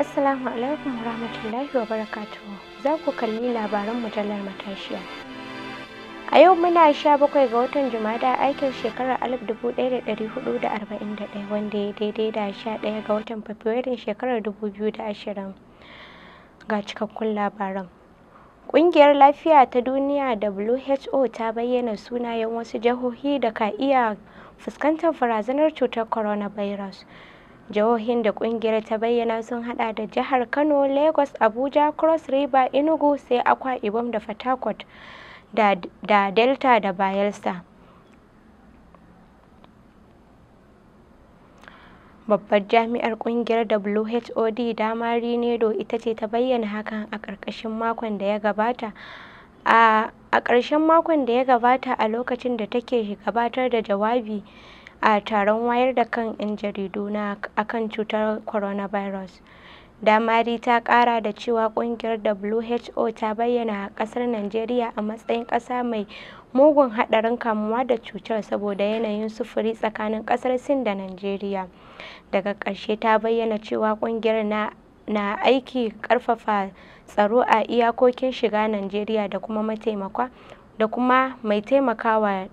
assalamu alaikum warahmatullahi wabarakatuh za ku kalli labaran mujallar matashiya a yau muna sha bakwai ga watan jumada aikin shekarar alif dubu ɗaya da ɗari hudu da arba'in da ɗaya wanda ya daidai da sha ɗaya ga watan fabrairun shekarar dubu biyu da ashirin ga cikakkun labaran Ƙungiyar Lafiya ta Duniya WHO ta bayyana sunayen wasu jihohi da ka iya fuskantar barazanar cutar coronavirus. Jihohin da ƙungiyar ta bayyana sun haɗa da Jihar Kano, Lagos, Abuja, Cross River, Enugu, sai Akwa Ibom da Port da Delta da Bayelsa. Babbar jami'ar ƙungiyar WHOD Damari do ita ce ta bayyana hakan a ƙarƙashin makon da ya gabata. A ƙarshen makon da ya gabata a lokacin da take gabatar da jawabi a taron wayar da kan 'yan jaridu na kan cutar coronavirus. Damari ta ƙara da cewa ƙungiyar WHO ta bayyana ƙasar Najeriya a matsayin ƙasa mai mugun haɗarin kamuwa da cutar saboda yanayin sufuri tsakanin ƙasar Sin da Najeriya. Daga ƙarshe ta bayyana cewa ƙungiyar na na aiki ƙarfafa tsaro a iyakokin shiga Najeriya da kuma mataimaka da kuma mai taimakawa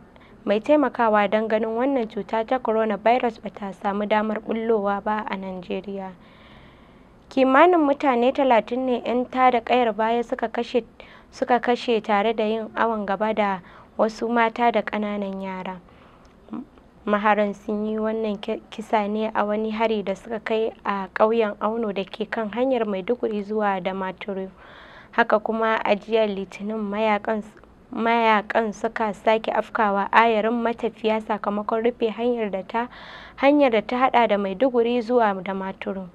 mai taimakawa don ganin wannan cuta ta coronavirus ba ta samu damar bullowa ba a Najeriya. Kimanin mutane talatin ne 'yan tada ƙayar baya suka kashe tare da yin awon gaba da wasu mata da ƙananan yara. Maharan sun yi wannan kisa ne a wani hari da suka kai a ƙauyen Auno da ke kan hanyar Maiduguri zuwa da Damaturu. Haka kuma a Litinin mayakan mayaƙan suka sake afkawa ayarin matafiya sakamakon rufe hanyar da ta hanyar da ta hada da Maiduguri zuwa Damaturu.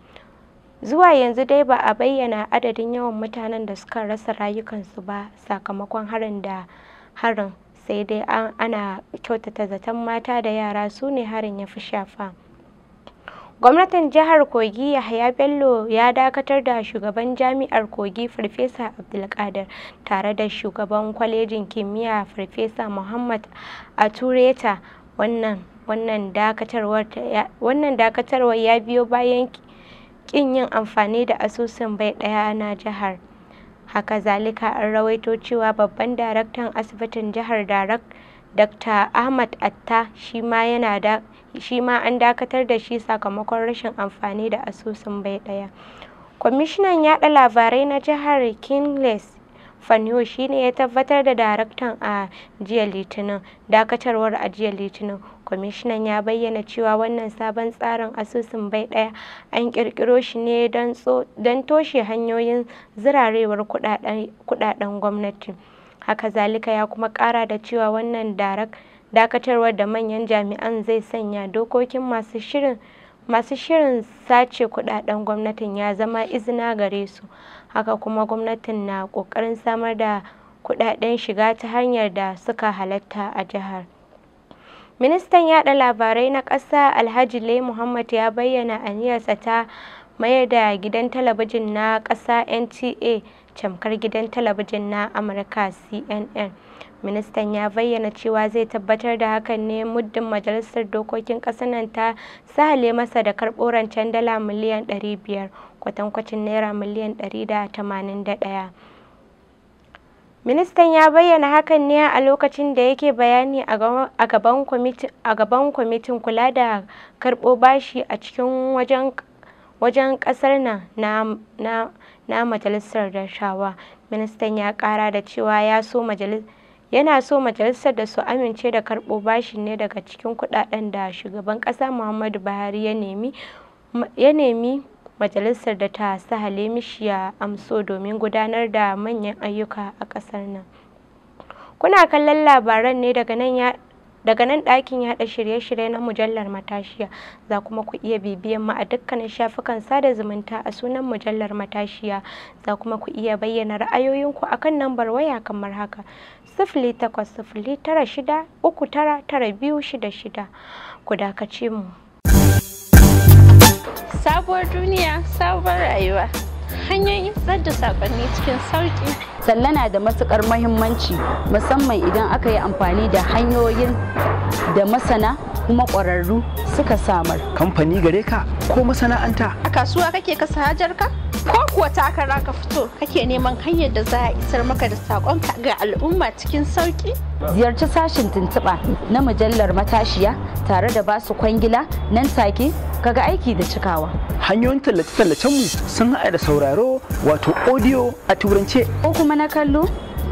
Zuwa yanzu dai ba a bayyana adadin yawan mutanen da suka rasa rayukansu ba sakamakon harin da harin sai dai ana kyautata zaton mata da yara su ne harin ya fi shafa. Gwamnatin Jihar Kogi Yahaya Bello ya dakatar da Shugaban Jami'ar Kogi Farfesa Abdulkadir tare da Shugaban Kwalejin Kimiyya Farfesa Muhammad Atureta wannan wannan dakatarwar ya biyo bayan kin yin amfani da asusun bai ɗaya na jihar. Haka zalika an rawaito cewa Babban Daraktan Asibitin Jihar Darak Dr. Ahmad Atta shi ma an dakatar da shi sakamakon rashin amfani da asusun bai ɗaya. Kwamishinan Yaɗa Labarai na Jihar Nicholas Fano shi ne ya tabbatar da daraktan a jiya Litinin. Dakatarwar a jiya Litinin, kwamishinan ya bayyana cewa wannan sabon tsarin asusun bai ɗaya an ƙirƙiro shi ne don toshe hanyoyin zirarewar kuɗaɗen gwamnati. haka zalika ya kuma ƙara da cewa wannan dakatarwar da manyan jami'an zai sanya dokokin masu shirin sace kudaden gwamnatin ya zama izina gare su haka kuma gwamnatin na kokarin samar da kudaden shiga ta hanyar da suka halatta a jihar ministan yada labarai na ƙasa alhaji lai muhammad ya bayyana aniyarsa ta mayar da gidan talabijin na ƙasa nta tamkar gidan talabijin na Amurka CNN. Ministan ya bayyana cewa zai tabbatar da hakan ne muddin Majalisar Dokokin ƙasar nan ta sahale masa da karɓo rancen dala miliyan 500 kwatankwacin naira miliyan 181. Ministan ya bayyana hakan ne a lokacin da yake bayani a gaban kwamitin kula da karɓo bashi a cikin wajen ƙasar nan na na majalisar dattawa ministan ya kara da cewa yana so majalisar da su amince da karbo bashi ne daga cikin kudaden da shugaban kasa muhammadu buhari ya nemi majalisar da ta sahale mishi ya amso domin gudanar da manyan ayyuka a kasar nan kuna kallon labaran ne daga nan Daga nan ɗakin yaɗa shirye-shirye na mujallar Matashiya za kuma ku iya bibiyan mu a dukkanin shafukan sada zumunta a sunan mujallar Matashiya za kuma ku iya bayyana ra'ayoyinku akan lambar waya kamar haka. sifili takwas sifili tara shida uku tara tara biyu shida shida ku dakace mu. Sabuwar duniya, sabuwar rayuwa. hanyoyin tsar da sakonni cikin sauki. Sallana da matukar mahimmanci musamman idan aka yi amfani da hanyoyin da masana kuma ƙwararru suka samar. Kamfani gare ka ko masana'anta? A kasuwa kake kasa hajar ka? Ko kuwa takara ka fito kake neman hanyar da za a isar maka da saƙonka ga al'umma cikin sauƙi? Ziyarci sashen tuntuɓa na mujallar matashiya tare da basu kwangila nan take ga aiki da cikawa. hanyoyin tallace-tallacenmu sun haɗa da sauraro wato audio a turance ko kuma na kallo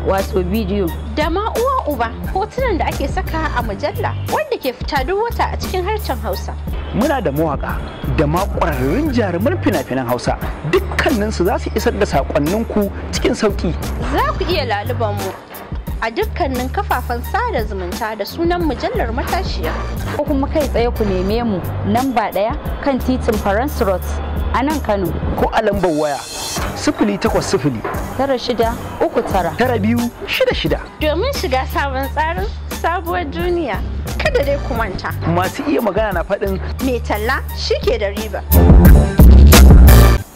wato bidiyo da ma uwa uba hotunan da ake saka a mujalla wanda ke fita duk wata a cikin harshen hausa muna da mawaka da ma ƙwararrun jarumar fina-finan hausa dukkaninsu za su isar da saƙonninku cikin sauƙi za ku iya laluban mu a dukkanin kafafen sada zumunta da sunan mujallar matashiya. Ko kuma kai tsaye ku neme mu nan ba ɗaya kan titin faransirot Road a nan Kano. Ko a lambar waya sifili takwas sifili. Tara shida uku tara. Tara biyu shida shida. Domin shiga sabon tsarin sabuwar duniya. Kada dai ku manta. Masu iya magana na faɗin. Mai talla shi ke da riba.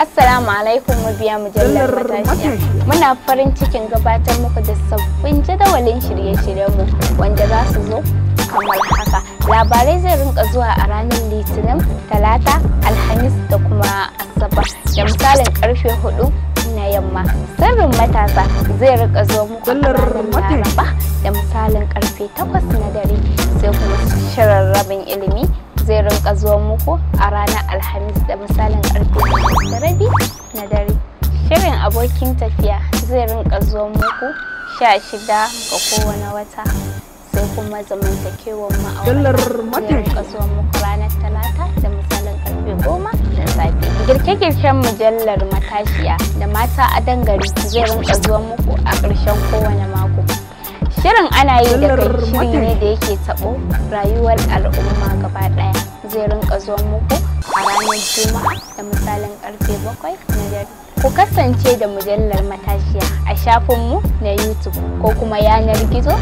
Assalamu alaikum mabiya mujallar matashi. Muna farin cikin gabatar muku da sabbin jadawalin shirye-shiryenmu wanda za su zo kamar haka. Labarai zai rinka zuwa a ranar Litinin, Talata, Alhamis da kuma Asabar da misalin karfe hudu na yamma. Sirrin matasa zai rinka zuwa muku a ranar Laraba da misalin karfe takwas na dare sai kuma shirin ilimi zai rinka zuwa muku a ranar alhamis da misalin karfe da rabi na dare shirin abokin tafiya zai rinka zuwa muku sha shida ga kowane wata sai kuma zamantakewar ma'aurata zai rinka zuwa muku ranar talata da misalin karfe goma da safe girke-girken mujallar matashiya da mata a dangare zai rinka zuwa muku a ƙarshen kowane mako Shirin ana yi da kai shiri ne da yake taɓo rayuwar al'umma gaba ɗaya zai rinka zuwa muku a ranar Juma'a da misalin karfe bakwai na dare. Ku kasance da mujallar matashiya a shafinmu na YouTube ko kuma yanar gizo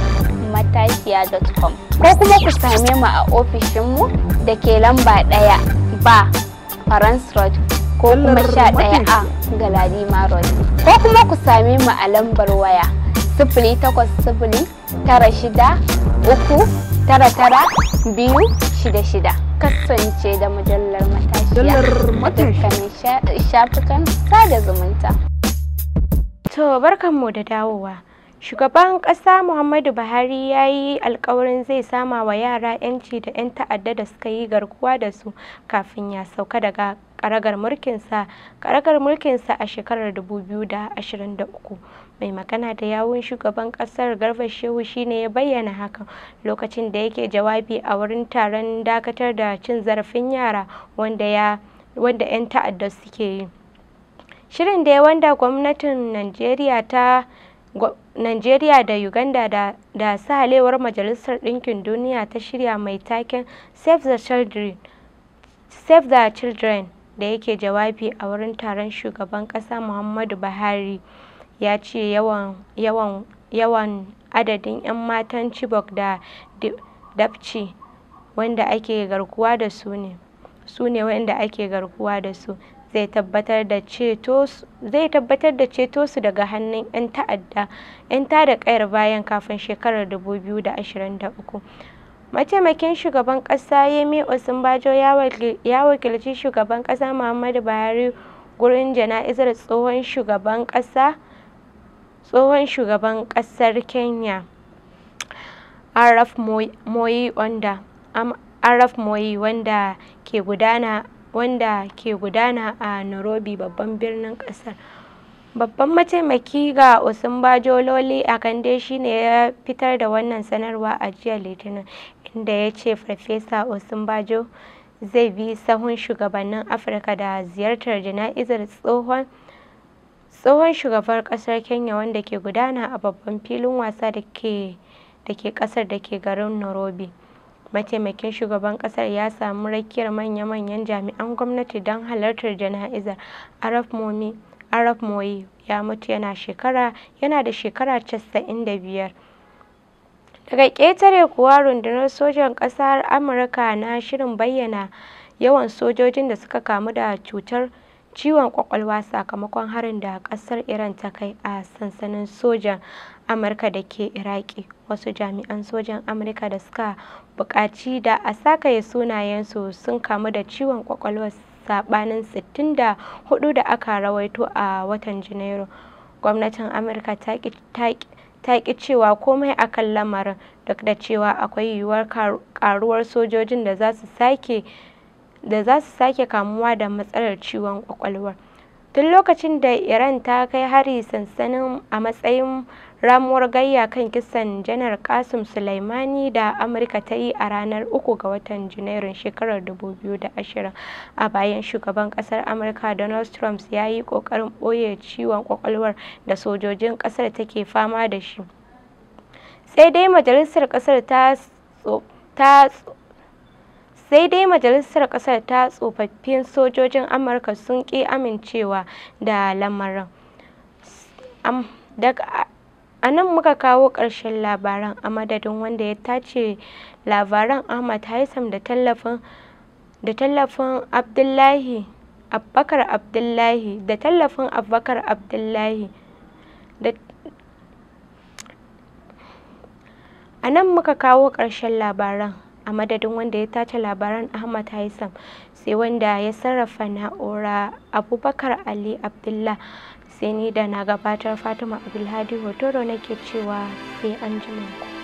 matashiya.com ko kuma ku same mu a ofishinmu da ke lamba ɗaya ba Farans Road ko kuma sha ɗaya a Galadima Road ko kuma ku same mu a lambar waya sifili takwas sifili tara shida uku tara tara biyu shida shida kasance da mujallar matashiya a dukkanin shafukan sada zumunta. To barkanmu da dawowa. Shugaban ƙasa Muhammadu Buhari ya yi alkawarin zai sama wa yara 'yanci da 'yan ta'adda da suka yi garkuwa da su kafin ya sauka daga karagar mulkinsa karagar mulkinsa a shekarar 2023 mai magana da yawun shugaban kasar garbar shehu shine ya bayyana hakan lokacin da yake jawabi a wurin taron dakatar da cin zarafin yara wanda 'yan ta'adda suke yi shirin da ya wanda gwamnatin najeriya ta Nigeria da Uganda da, da sahalewar Majalisar Ɗinkin Duniya ta shirya mai taken Save Save the Children da yake jawabi a wurin taron Shugaban ƙasa Muhammadu Buhari ya ce yawan adadin ‘yan matan Chibok da Dapchi wanda ake garkuwa da su ne waɗanda ake garkuwa da su zai tabbatar da ceto su daga hannun ‘yan tada ƙayar bayan kafin shekarar 2023. Mataimakin Shugaban ƙasa Yemi Osinbajo ya wakilci Shugaban ƙasa Muhammadu Buhari gurin jana'izar tsohon shugaban ƙasar Kenya araf Moi wanda ke gudana a Nairobi babban birnin ƙasar. Babban mataimaki ga Osinbajo Loli Akande shi ne ya fitar da wannan sanarwa a jiya Litinin. inda ya ce Farfesa Osinbajo zai bi sahun shugabannin Afirka da ziyartar jana'izar tsohon shugabar ƙasar Kenya wanda ke gudana a babban filin wasa da ke ƙasar da ke garin Nairobi. Mataimakin shugaban ƙasar ya samu rakiyar manya-manyan jami'an gwamnati don halartar jana'izar. Arap Moi ya mutu yana da shekara 95. Daga ƙetare kuwa, rundunar sojan ƙasar Amurka na shirin bayyana yawan sojojin da suka kamu da cutar ciwon ƙwaƙwalwa sakamakon harin da ƙasar Iran ta kai a sansanin sojan Amurka da ke Iraki, wasu jami'an sojan Amurka da suka buƙaci da a sakaye sunayensu sun kamu da ciwon ƙwaƙwalwar saɓanin 64 da aka rawaito a watan Janairu. Gwamnatin Amurka ta ƙi ta ƙi cewa komai a kan lamarin, duk da cewa akwai yiwuwar ƙaruwar sojojin da za su sake kamuwa da matsalar ciwon ƙwaƙwalwar. Tun lokacin da Iran ta kai hari sansanin a matsayin ramuwar gayya kan kisan janar kasim soleimani da amurka ta yi a ranar 3 ga watan janairun shekarar 2020 a bayan shugaban kasar amurka donald trump ya yi kokarin ɓoye ciwon ƙwaƙwalwar da sojojin kasar take fama da shi sai dai majalisar kasar ta sai tsofaffin sojojin amurka sun ƙi amincewa da lamarin a nan muka kawo ƙarshen labaran a madadin wanda ya tace labaran ahmad haisam da tallafin abdullahi abbakar abdullahi da tallafin abbakar abdullahi a nan muka kawo ƙarshen labaran a madadin wanda ya tace labaran ahmad haisam sai wanda ya sarrafa na'ura abubakar ali abdullahi sai ni da na gabatar fatima abdulhadi hotoro nake cewa sai an jima ku